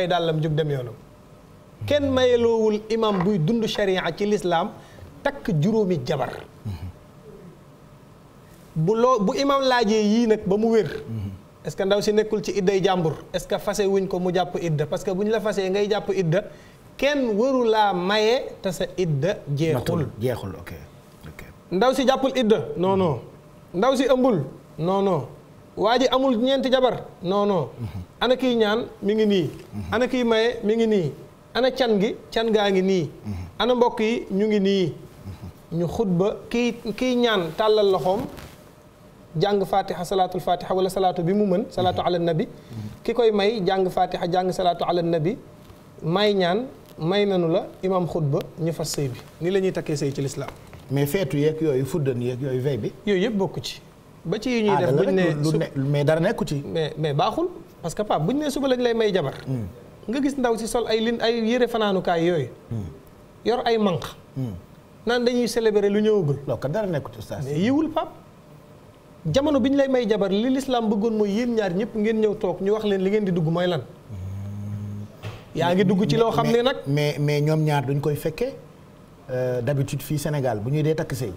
ay dàllam jóg dem yoonam kenn mayeloowul imam buy dund sharia ci lislaam takk juróomi jabar bu loo bu imam laajee yii nag ba mu wér est-ce ndaw si nekkul ci idday jàmbur est-ce que fase wuñ ko mu jàpp idda parce que bu ñu la fasee ngay jàpp idda kenn waru laa maye te sa idda jeexul ndaw si jàppul idda non ndaw si ëmbul noonoo waa ji amul ñeenti jabar non non mhm. ana kiy ñaan mi ngi nii mhm. ana kiy maye mi ngi nii ana can gi can gaa ngi nii mhm. ana mbokk yi ñu ngi nii ñu xutba kiy kiy ñaan tàllal loxoom jàng fatiha salaatul fatiha wala salaatu bi mu mën salaatu ala nabi ki koy may jàng fatiha jàng salaatu ala nabi may ñaan may nanu la imam xutba ñu fas sëy bi ni la ñuy takkee sëy ci lislaam mais feetu yeeg yooyu fuddan yeeg yooyu vey bi yooyu yëpp bokku ci ba ci yi ñuy ah, def buñ ne mais dara nekku ci. mais mais baaxul parce que bu ñu ne suba lañ lay may jabar. Hmm. nga gis ndaw si sol ay lin ay yére fanaanukaay yooyu. Hmm. yor ay manq hmm. naan dañuy célébrer lu ñëwagul. loolu dara nekkul ci mais yiwul Pape jamono bi ñu lay may jabar li lislaam bëggoon mooy yéen ñaar ñëpp ngeen ñëw toog ñu wax leen li ngeen di dugg mooy lan. yaa ngi dugg ci loo xam ne nag. mais mais ñoom ñaar duñ koy fekkee. Euh, d'habitude fii Sénégal bu ñuy dee takk sëy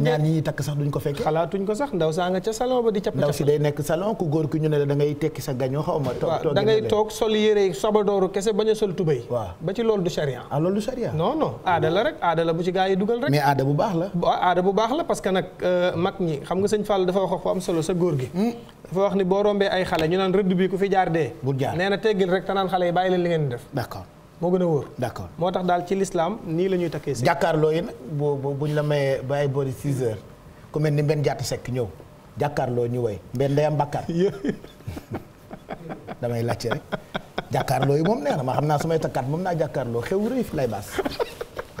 ñaar ñi ñuy takk sax duñ ko fekkee xalaatuñ ko sax ndaw saa nga ca salon ba di cap ndaw si day nekk salon ku góor ki ñu ne la da ngay tekki sa gañoo xaw ma toog da sol yére a sol tubéy waaw ba ci loolu du charia ah loolu du charia non non rek aada bu ci gaa yi dugal rek mais aada bu baax la aada bu baax la parce que nag euh, mag ñi xam nga sëñ Fall dafa wax ko am solo sa góor gi hmm. dafa wax ni boo rombee ay xale ñu naan rëdd bi na teggil rek te naan xale yi moo gën a wóor. d'accord moo tax daal ci lislaam nii la ñuy takkee si jàkkaarloo yi nag bu buñ la mayee ba ay boori 6 heures ku mel ni benn jàtt sekk ñëw jàkkaarloo ñu woy benn day am bàkkaar damay laajte rek jàkkaarloo yi moom nee na ma xam naa su may takkaat moom naa jàkkaarloo xew rëy fi lay baas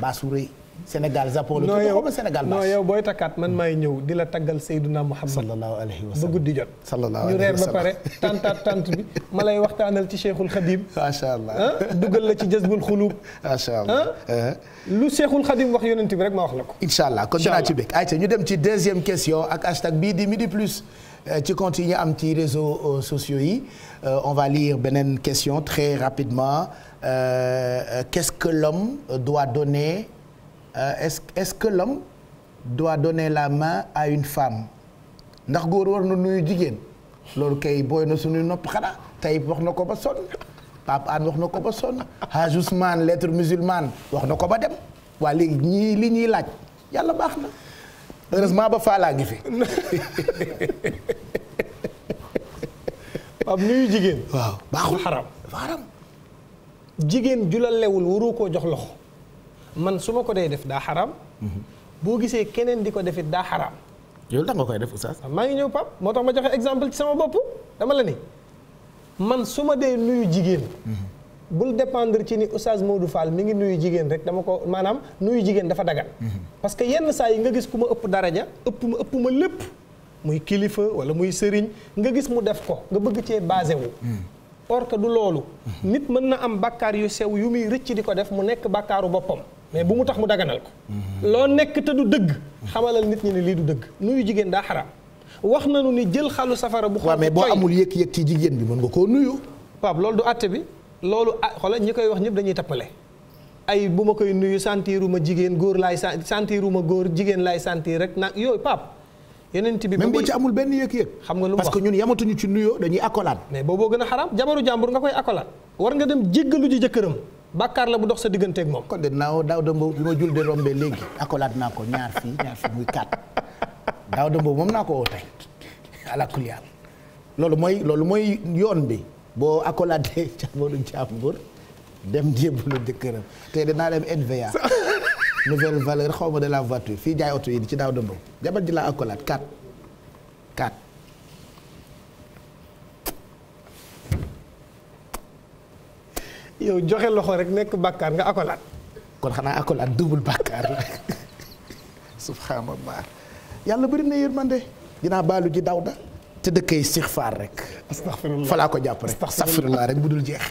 baasu rëy. Sénégal Japon la tudd xaw Sénégal non yow booy takkaat man maay ñëw di la taggal Seydina Muhammad sallallahu alayhi wa sallam ba guddi jot sallallahu alayhi tant bi ma lay waxtaanal ci Cheikhul Khadim macha allah ah, dugal la ci jazbul xuluub macha allah ah, eh, eh. lu Cheikhul Khadim wax yonent bi rek ma wax la ko incha allah kon dinaa ci bëgg ayca ñu dem ci deuxième question ak hashtag bii di midi plus eh, ci compte yi ñu am ci réseau euh, sociaux yi euh, on va lire beneen question très rapidement euh, qu'est-ce que l'homme doit donner Euh, est-ce est-ce que l'homme doit donner la main à une femme ndax góor war na nuyu jigéen loolu kay booy na suñuy nopp xanaa tey wax na ko ba sonn Pape An wax na ko ba sonn Hadj Ousmane lettre wax na ko ba dem waa léegi ñii li ñuy laaj yàlla baax na heureusement ba faalaa gi fi. Pape nuyu jigéen. waaw baaxul xaram xaram. jigéen julalewul la lewul koo jox loxo. man su ma ko dee def daa xaraam. boo gisee keneen di ko defit daa xaraam. yow tax nga koy def oustaz. maa ngi ñëw pap moo tax ma joxe exemple ci sama bopp dama la ni man su ma dee nuyu jigéen. bul dépendre ci ni oustaz du Fall mi ngi nuyu jigéen rek dama ko maanaam nuyu jigéen dafa daga parce que yenn saa yi nga gis ku ma ëpp daraja ëpp ma ëpp ma lépp. muy kilifa wala muy sëriñ nga gis mu def ko nga bëgg cee basé wu. or que du loolu. Hmm. nit mën na am bàkkaar yu sew yu muy rëcc di ko def mu nekk bàkkaaru boppam. mais bu mu tax mu daganal ko loo nekk te du dëgg xamalal nit ñi ne lii du dëgg nuyu jigéen daa xaraam wax nañu ni jël xalu safara bu xaw mais amul yëg-yëg ci jigéen bi mën nga koo nuyu Pape loolu du àtte bi loolu ah xoola ñi koy wax ñëpp dañuy tappale ay bu ma koy nuyu sentiruma jigéen góor laay sentiruma góor jigéen laay sentir rek nag yooyu Pape yenent bi même boo ci amul benn yëg xam nga lu mu wax parce ñun yamatuñu ci nuyoo dañuy accolade mais booboo gën a xaraam jabaru jàmbur nga koy accolade war nga dem jéggalu ji jëkkëram bàkkaar la bu dox sa digganteeg moom. kon de naaw daaw dëmb bi ma jul de rombee léegi akolaat naa ko ñaar fii ñaar fii muy kaat daaw dëmb moom naa ko woo tey ala loolu mooy loolu mooy yoon bi boo akolaatee jàmbooru jàmbur dem jébbalu jëkkëram tey dinaa dem NVA nouvelle valeur xaw ma de la voiture fii jaay oto yi di ci daaw dëmb jabar ji laa akolaat kaat. yow joxe loxo rek nekk bàkkaar nga akolaat kon xanaa akolaat double bàkkaar la subhanallah yàlla bëri na yërmande dinaa baalu ji dawda te dëkkay sixfaar rek astaghfirullah falaa ko jàpp rek astaghfirullah rek bu dul jeex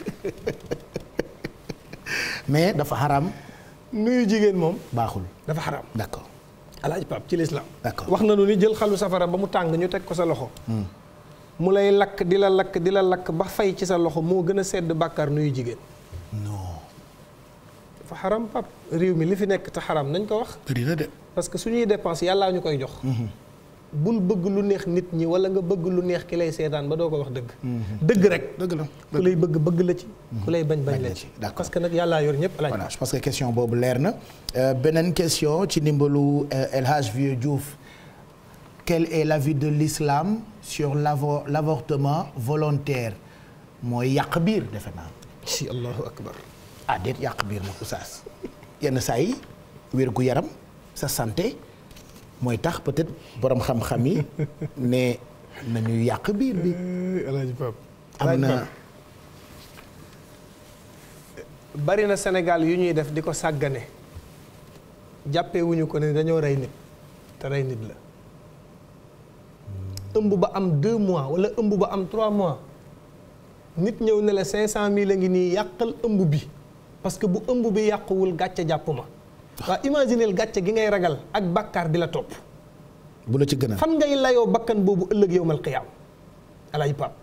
mais dafa xaram nuyu jigéen moom baaxul dafa xaram d'accord alaaj pap ci lislaam d'accord wax na nu ni jël xalu safara ba mu tàng ñu teg ko sa loxo hmm. mu lay lakk di la lakk di la lakk ba fay ci sa loxo moo gën a sedd bàkkaar nuyu jigéen non. dafa xaram pap réew mi li fi nekk te xaram nañ ko wax. de. parce que suñuy dépense yàlla ñu koy jox. Mhm. bul bëgg lu neex nit ñi wala nga bëgg lu neex ki lay seetaan ba doo ko wax dëgg. Mhm. dëgg rek. dëgg la ku lay bëgg bëgg la ci. ku lay bañ bañ la ci parce que nag yàllaa yor ñëpp. voilà je pense que question boobu leer na. Euh, beneen question ci ndimbalu euh, El Hadj Vieux Diouf quel est l'avis de l'islam sur l'avortement volontaire mooy yàq biir defe naa. si allahu akbar ah yàq biir nag oustaz yenn saa yi wér gu yaram sa santé mooy tax peut-être borom xam-xam yi ne ñuy yàq biir bi. Eh, alaaji Pape am na. bari na Sénégal yu ñuy def di ko sàggane jàppewuñu ko ne dañoo rey nit te rey nit la ëmb ba am deux mois wala ëmb ba am trois mois. nit ñëw ne la 500000 a ngi nii yàqal ëmb bi parce que bu ëmb bi yàquwul gàcce jàpp ma. Ah. waaw imagineel gàcce gi ngay ragal ak bàkkaar di la topp. bu la ci gën a fan ngay layoo bakkan boobu ëllëg yow mal xiyaam alaaji Pape.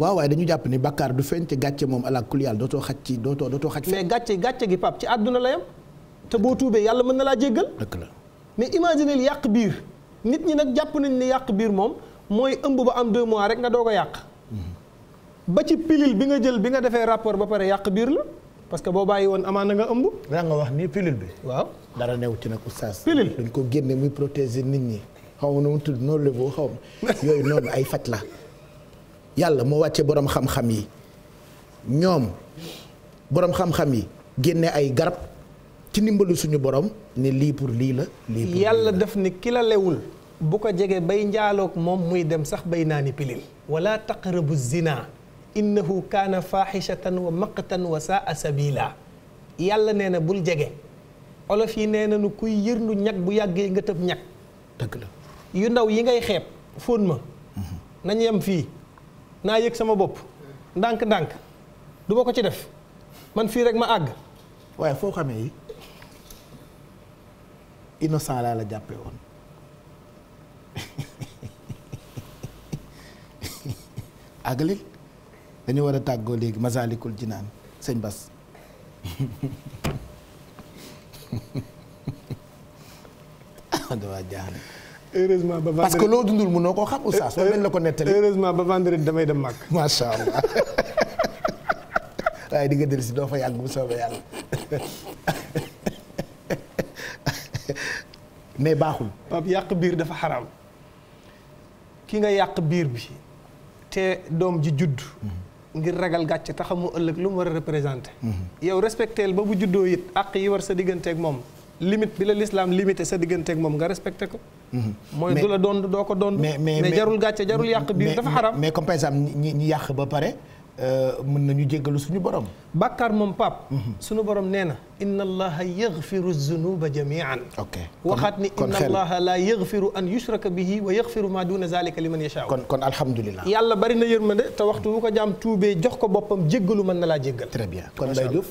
waaw waaye dañu jàpp ni bàkkaar du feeñ te gàcce moom ala kulli yàlla dootoo xaj ci dootoo dootoo xaj. mais gàcce gàcce gi Pape ci àdduna la yam te boo tuubee yàlla mën na laa jéggal. dëgg la mais imagineel yàq biir nit ñi nag jàpp nañ ne yàq biir moom mooy ëmb ba am deux mois rek nga doog a yàq. Hmm. ba ci pilil bi nga jël bi nga defee rapport ba pare yàq biir la parce que boo bàyyi woon amaana nga ëmb. daa nga wax ni pilil bi. waaw dara newu ci nag oustaz. pilil dañ ko génne muy protéger nit ñi xaw ma nu mu tudd noonu la boo xaw ma yooyu noonu ay faj la yàlla moo wàcce borom xam-xam yi ñoom boroom xam-xam yi génne ay garab ci ndimbalu suñu borom ni lii pour lii la. lii yàlla def ni kilalewul bu ko jege bay njaaloog moom muy dem sax bay naani pilil. wala taqrabu zina innahu kaana faaxishatan wa maqtan wa saa sabila yàlla nee na bul jege olof yi nee nañu kuy yërnu ñag bu yàggee nga tëb ñag yu ndaw yi ngay xeeb fóon ma mhm. nañ yam fii naa yëg sama bopp ndànk-ndànk du ko ci def man fii rek ma àgg waaye foo xamee yi innocent laa la jàppe woon dañu war a tàggoo léegi Masaalikul Jinaan sëñ Bas. damaa jaaxle. heureusement ba vendredi parce que loo dundul mënoo koo xam oustaz wala la ko nettali. heureusement ba vendredi damay dem màgg. macha allah waaye di nga dellu si doo fa yàgg bu soobee yàlla mais baaxul. yàq biir dafa xaraam ki nga yàq biir bi te doom ji judd. Mhm. ngir ragal gàcce taxamu ëllëg lu mu war a représenté mhm. yow respecteel ba bu juddoo it àq yi war sa digganteeg moom limite bi la lislaam limité sa digganteeg moom nga respecté ko mhm. mooy du la doon doo ko doon mais mais jarul gàcce jarul yàq biir dafa xaram mais comme par exemple ñi ñi yàq ba pare Euh, mën nañu jéggalu suñu borom. Bàkkaar moom pap mhm. suñu borom nee na. inna allaha yaghfiru zunuba jamian ok waxaat ni inna allaha la yaghfiru an yushraka bihi wa yaghfiru ma duna zalika liman yashaa kon kon alhamdulilah. yàlla bari na yërmande te waxtu bu ko jaam tuubee jox ko boppam jéggalu mën na laa jéggal. très bien kon Baye Diouf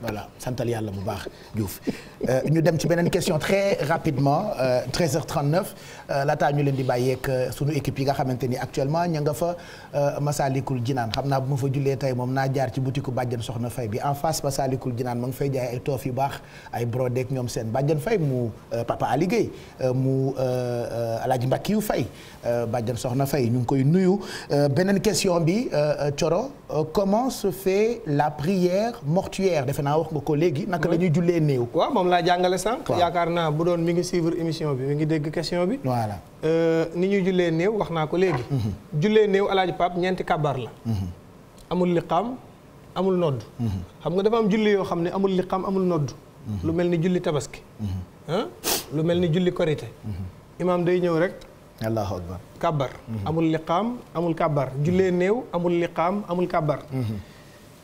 voilà santal yàlla bu baax Diouf euh, ñu dem ci beneen question très rapidement 13h39 euh, euh, laataa ñu leen di bàyyeek sunu équipe yi nga xamante ni actuellement ñu nga fa Masalikul Jinaan xam naa bu ma fa jullee tey moom naa jaar ci boutique Bàjjan Soxna Fay bi en face Masalikul Jinaan ma ngi fay jaay ay toof yu baax ay brodeek ñoom seen Bàjjan Fay mu Papa Ali Guèye mu Alaaji Mbakki yu Fay Bàjjan Soxna Fay ñu ngi koy nuyu beneen question bi Thioro comment la prière naa wax nga ko léegi naka la ñuy jullee néew waaw moom laa jàngale sànq yaakaar naa bu doon mi ngi suivre émission bi mi ngi dégg question bi voilà euh, ni ñuy jullee néew wax naa ko léegi mhm. jullee néew alaaji pap ñeenti kabar la mhm. amul liqaam amul nodd mhm. nga dafa am julli yoo xam ne amul liqaam amul nodd lu mel ni julli tabaski lu mel ni julli korite imaam day ñëw rek allahu akbar kabar amul liqaam amul kabar jullee néew amul liqaam amul kabar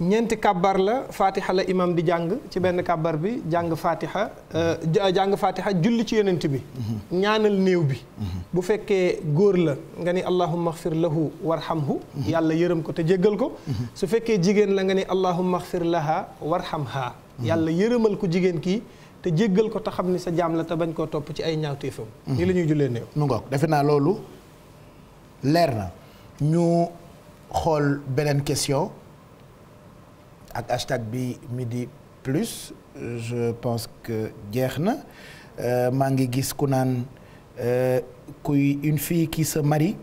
ñeenti kàbbar la fatiha la imam di jàng ci benn kàbbar bi jàng fatiha euh, jàng fatiha julli ci yonent bi mhm. ñaanal néew bi mhm. bu fekkee góor la nga ni allahumma xfir lahu warhamhu mhm. yàlla yërëm ko te jéggal ko su fekkee jigéen la nga ni allahumma xfir laha warhamha yàlla yërëmal ko jigéen kii te jéggal ko te xam ni sa jaam la te bañ koo topp ci ay ñaawteefam nii la ñuy jullee néew mu ngoog defe naa loolu leer na ñu xool beneen question ak hashtag bi midi plus je pense que jeex na euh, maa ngi gis ku naan euh, kuy une fii kii se marie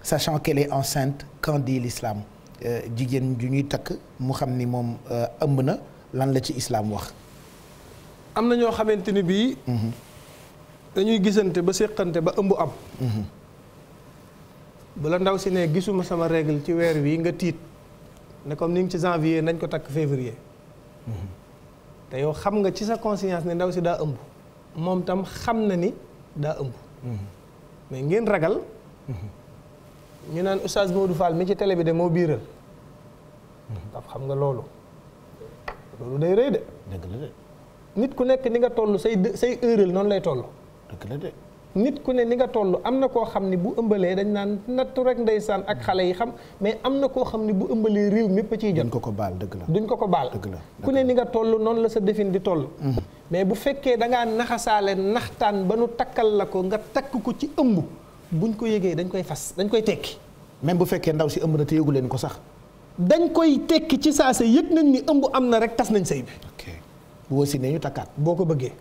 sachant qu'elle est enceinte qu'en dit l'islam euh, jigéen ju ñuy takk mu xam ni moom ëmb na lan la ci islaam wax. am na ñoo xamante ni bii. Mhm. dañuy gisante ba séqante ba ëmb am. Mhm. bu la ndaw si ne gisuma sama règle ci weer wii nga tiit. ne comme ni ngi ci janvier nañ ko takk février mhm. te yow xam nga ci sa conscience ne ndaw si daa ëmb moom tam xam na ni daa ëmb mhm. mais ngeen ragal mhm. ñu naan oustaz du Fall mi ci télé bi de moo biiral daf xam nga loolu loolu day rëy de dëgg la de nit ku nekk ni nga toll say say heurel noonu lay toll nit ku ne ni nga toll am na koo xam ni bu ëmbalee dañ naan nattu rek ndeysaan ak xale yi xam mais am na koo xam ni bu ëmbalee réew mépp ciy jot duñ ko ko baal dëgg la duñ ko ko baal ku ne ni nga toll noonu la sa defin di toll mm-hmm. mais bu fekkee da ngaa naxasaale naxtaan ba nu takkal la ko nga takk ko ci ëmb buñ ko yëgee dañ koy fas dañ koy tekki même bu fekkee ndaw si ëmb na te yëgu leen ko sax dañ koy tekki ci saa sa yëg nañ ni ëmb am na rek tas nañ say bi bu wasi ñu takkaat boo ko bëggee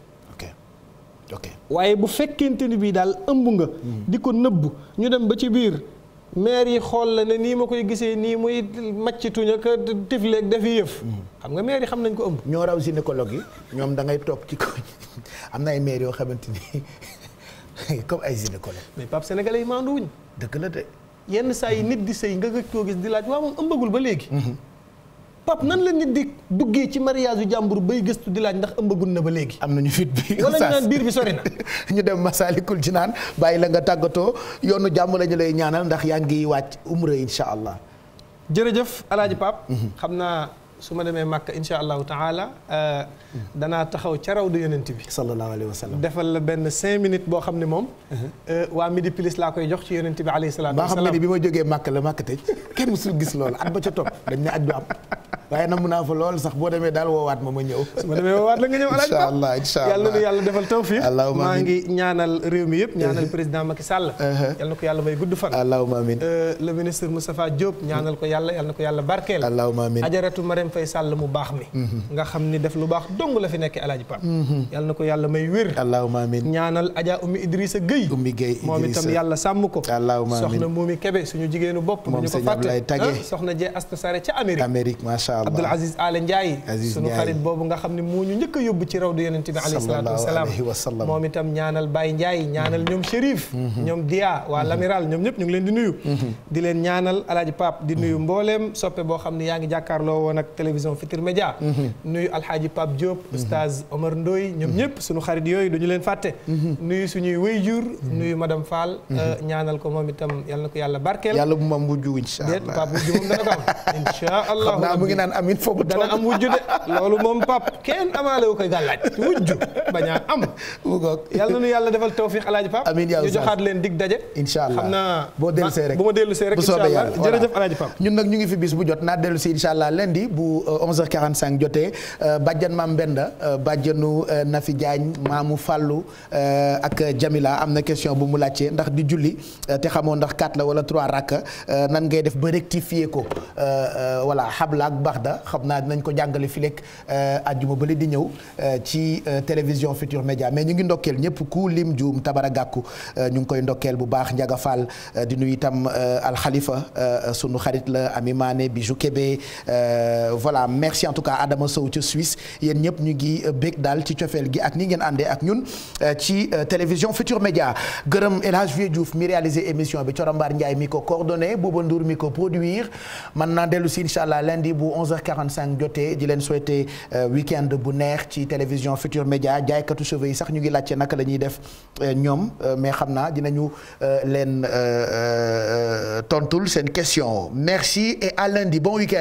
waaye bu fekkente ni bii daal ëmb nga. Hmm. di ko nëbb ñu dem ba ci biir. maire yi xool la ne nii ma koy gisee nii muy màccituñ ak tifleeg dafi yëf. Hmm. xam nga mair yi xam nañ ko ëmb. ñoo raw gynécologue yi ñoom da ngay toog ci ko am na ay maire yoo xamante ni comme ay gynécologue. mais Pape Sénégalais yi maandu wuñ. dëgg la de. yenn saa yi nit di sëy nga gëj koo gis di laaj waaw moom ëmbagul ba léegi. Hmm. pap nan la nit di duggee ci mariage yu jàmbur bay gëstu di laaj ndax ëmbagun na ba léegi. am nañu fit bi wala ñu naan biir bi sori na. ñu dem Masaalikul Jinaan bàyyi la nga tàggatoo yoonu jàmm la ñu lay ñaanal ndax yaa ngi wàcc umra incha allah. jërëjëf Alaaji Pape. Mm-hmm. xam naa. su ma demee màkk incha allahu taala euh, danaa taxaw ca raw du yonent bi sallallahu alayhi wa sallam defal la benn cinq minutes boo xam ne moom uh-huh. euh, waa midi plus laa koy jox ci yonent bi alayhi salaatu wa salaam baa xam ne bi ma jógee màkk la màkk tëj kenn musul gis loolu at ba ca topp dañ ne aj du am waaye namm naa fa lool sax boo demee daal woowaat ma ma ñëw su ma demee woowaat la nga ñëw alaaj incha allah incha allah yàlla nu yàlla defal tawfiq allahumma maa ngi ñaanal réew mi yëpp eh. ñaanal président Macky Sall eh, eh. yàlla na ko yàlla may gudd fan allahumma amin le ministre Moustapha Diop ñaanal ko yàlla yàlla na ko yàlla barkeel allahumma amin ajaratu Marème Faye Sall mu baax mi mm-hmm. nga xam ni def lu baax dong la fi nekk alaaji Pape mm-hmm. yàlla na ko yàlla may wér allahumma amin ñaanal Adja Oumy Idrissa Gueye Oumy Gueye moom itam yàlla sàmm ko allahumma amin soxna Moumi Kebe suñu jigéenu bopp ñu ko fàtte ah, soxna Jee Asta Sare ca Amérique Abdoul Aziz Ala Ndiaye sunu xarit boobu nga xam ne moo ñu njëkk a yóbbu ci raw du yonente bi alayhi salaatu wasalaam moom itam ñaanal Baye Ndiaye ñaanal ñoom Chérif mm-hmm. ñoom Dia waa mm-hmm. l'amiral ñoom ñëpp ñu ngi leen di nuyu mm-hmm. di leen ñaanal Alaaji Pape di nuyu mbooleem soppe boo xam ne yaa ngi jàkkaarloo woon ak télévision Futurs Médias nuyu Alhaaji Pape Diop Oustaz Omar Ndoye ñoom ñëpp sunu xarit yooyu duñu leen fàtte nuyu suñuy wayjur nuyu madame Fall euh, ñaanal ko moom itam yal na ko yàlla barkeel yàlla bu ma mujj incha naan amin foofu dana am wujju de loolu moom pap kenn amaale wu bañaa am mu yàlla na nu yàlla defal tawfiq alaaji pap amin ñu joxaat leen dig daje incha allah xam naa boo dellusee rek bu ma dellusee rek bu soobee yàlla alaaji pap ñun nag ñu ngi fi bis bu jot naa dellusi incha allah di bu 11h45 euh, jotee euh, bàjjan maam Mbenda euh, bàjjanu Nafi Diagne maamu Fàllu ak Jamila am na question bu mu laajte ndax di julli te xamoo ndax 4 la wala 3 rakk nan ngay def ba rectifier ko voilà xabla ak Warda xam naa dinañ ko jàngale fi lekk euh, àjjuma di ñëw euh, ci euh, télévision Futur Média mais ñu ngi ndokkeel ñëpp ku lim juum tabara gàkku ñu ngi koy ndokkeel bu baax Ndiaga Fall di nuyu itam alxalifa sunu xarit la Ami Mané Bijou Kébé voilà merci en tout cas Adama Sow ci Suisse yéen ñëpp ñu ngi bég daal ci cofeel gi ak ni ngeen àndee ak ñun ci télévision Futur Média gërëm El Hadj Vieux Diouf mi réalisé émission bi Corombaar Ndiaye mi ko coordonné Bouba Ndour mi 11h45 jotee di leen souhaiter euh, week-end bu neex ci télévision Futur Média jaaykatu cheveux yi sax ñu ngi laajte naka la ñuy def euh, ñoom euh, mais xam naa dinañu leen tontul seen question merci et à di bon week